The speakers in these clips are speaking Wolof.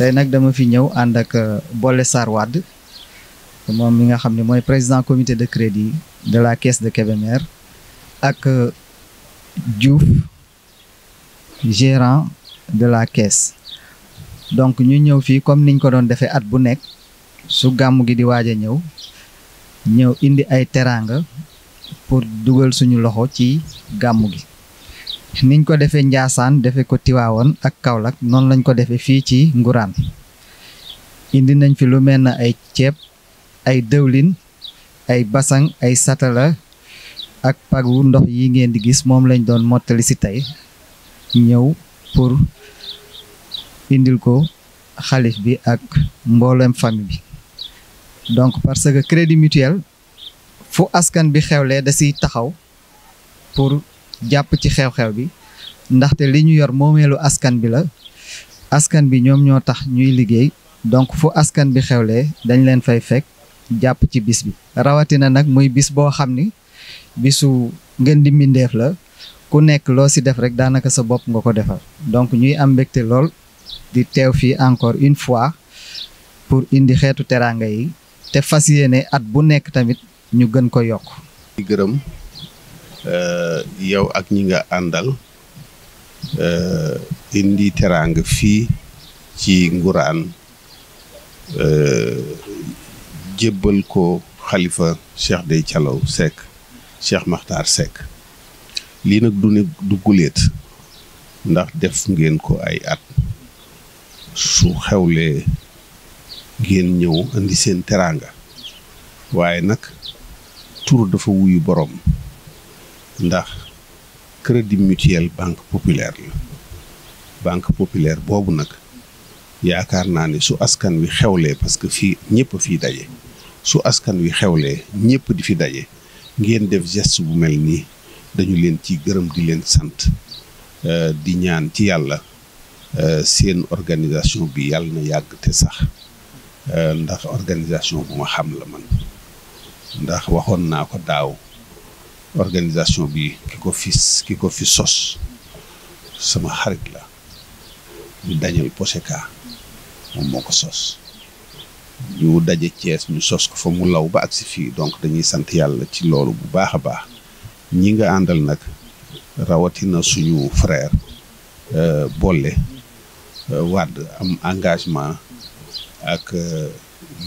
tay nak dama fi ñew and ak euh, bolé sar wad mom mi nga xamni moy président comité de crédit de la caisse de Kébémer ak euh, Diouf gérant de la caisse donc ñu ñew fi comme niñ ko doon défé at bu nek su gamu gi di waja ñew ñew indi ay teranga pour dugal suñu loxo ci gamu gi niñ ko defé Njaasaan defé ko tiwawon ak kaolak non lañ ko defé fi ci nguran indi nañ fi lu mel na ay ciep ay dewlin ay basang ay satala ak pagu ndox yi ngeen di gis mom lañ doon motali ci tay ñew pour indil ko khalif bi ak mbolem fami bi donc parce que crédit mutuel fu askan bi xewlee da ci taxaw pour japp ci xew-xew bi ndax li liñu yor momelu askan bi la askan bi ñom ñoo tax ñuy liggéey donc fu askan bi xewlé dañ leen fay fekk japp ci bis bi na nak muy bis bo xamni bisu ngeen di mindeef la ku nekk lo ci def rek danaka sa bop nga ko defal donc ñuy am bekté lool di tew fi encore une fois pour indi xétu teranga yi te fasiyene at bu nekk tamit ñu gën ko gërëm Euh, yow ak ñi nga àndal euh, indi teraanga fii ci nguraan euh, jëbal ko xalifa Cheikh Dey calaw Seck Cheikh Makhtar Seck lii nag du ne du guleet ndax def ngeen ko ay at su xewlee ngeen ñëw indi seen teraanga waaye nag tur dafa wuyu boroom ndax crédit mutuel banque populaire la banque populaire boobu nag yaakaar naa ni su askan wi xewlee parce que fii ñëpp fii daje su askan wi xewlee ñëpp di fi daje ngeen def geste bu mel nii dañu leen ci gërëm di leen sant euh, di ñaan ci yàlla euh, seen organisation bi yàlla na yàgg te sax euh, ndax organisation bu ma xam la man ndax waxoon naa ko daaw organisation bi ki ko fi ki ko fi sos sama xarit la ñu Daniel Poseka moom moo ko sos ñu daje cees ñu sos ko fa mu law ba si fii donc dañuy sant yàlla ci loolu bu baax a baax ñi nga àndal nag rawatina suñu frère euh, boole euh, Wàdd am engagement ak euh,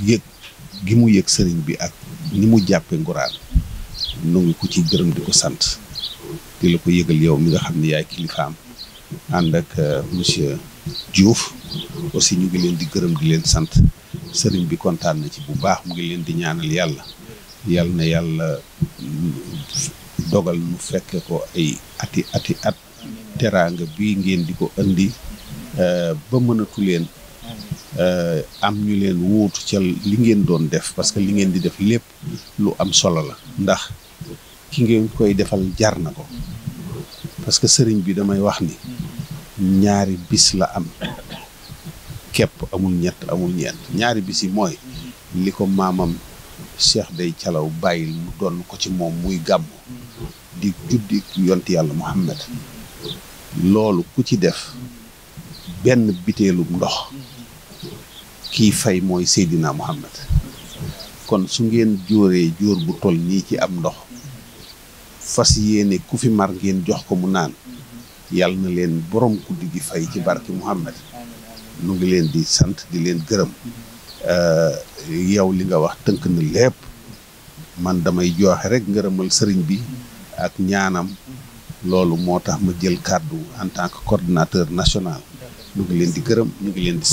yëg gi mu yëg sëriñ bi ak ni mu jàppee Nguraan nungu ku ci gërëm di ko sant di la ko yëgal yow mi nga xamni ne yaay kilifaam and ak euh, monsieur Diouf aussi ñu ngi leen di gërëm di leen sant sëriñ bi kontaan na ci bu baax mu ngi leen di ñaanal yàlla yàll na yàlla dogal nu fekke ko ay ati ati at teranga bi ngeen di ko andi euh, ba mënatu leen euh, am ñu leen wuutu ca li ngeen doon def parce que li ngeen di def lépp lu am solo la ndax ki ngeen koy defal jar na ko parce que sëriñ bi damay wax ni ñaari bis la am képp amul ñett amul ñeent ñaari bis yi mooy li ko maamam Cheikh day Calaw bàyyil mu doon ko ci moom muy gàmm di juddi yont yàlla Muhammad loolu ku ci def benn biteelum ndox kii fay mooy Seydina Muhammad kon su ngeen jóoree jóor bu toll nii ci am ndox fas yéene ku fi mar ngeen jox ko mu naan yàlla na leen borom guddi gi fay ci barke Muhammad mu ngi leen di sant di leen gërëm eh, yow li nga wax tënk na lépp man damay jooxe rek ngërëmal sëriñ bi ak ñaanam loolu moo tax ma jël kàddu en tant que coordinateur national ñu ngi leen di gërëm ñu ngi leen di